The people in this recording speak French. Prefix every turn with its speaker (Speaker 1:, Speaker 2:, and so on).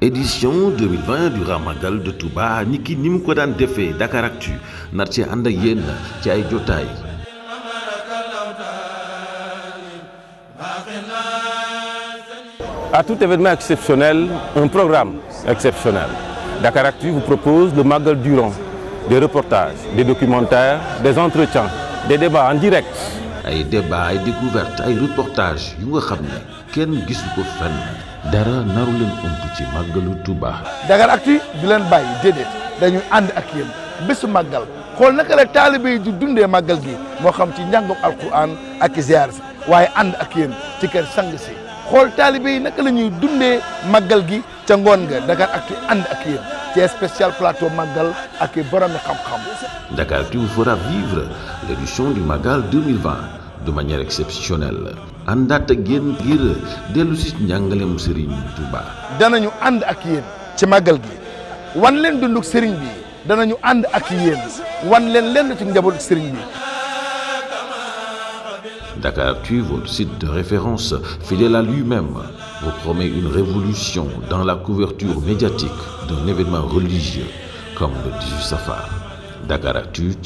Speaker 1: édition 2020 du Ramagal de Touba Niki Nimkodan ni Dakaractu À tout événement exceptionnel, un programme exceptionnel. Dakaractu vous propose le Magal Durand, des reportages, des documentaires, des entretiens, des débats en direct ay débat ay découverte ay reportage yu nga xam ne kenn gisu ko fenn dara naru leen ëmp ci màggalu
Speaker 2: ak Dakaractu du leen bàyyi déedéet dañuy ànd ak yéen bésu màggal xool naka la taalibe yi du dundee màggal gi moo xam ci njàngum alquran ak ziar si waaye ànd ak yéen ci kër sang si xool taalibe yi naka la ñuy dundee màggal gi ca ngoon nga Dakaractu ànd ak yéen ci spécial plateau Magal ak i boromi xam-xam.
Speaker 1: Dakaractu vous fera vivre l'édition du Magal 2020. de manière exceptionnelle àndaat ak yéen ngir dellu si njàngaleem Serigne Touba.
Speaker 2: danañu ànd ak yéen ci màggal gi wan leen dunduk Serigne bi danañu ànd ak yéen wan leen lenn ci njaboot Serigne bi.
Speaker 1: Dakaratu, votre site de référence, fidèle à lui-même, vous promet une révolution dans la couverture médiatique d'un événement religieux comme le 18 Safar. Dakaratu,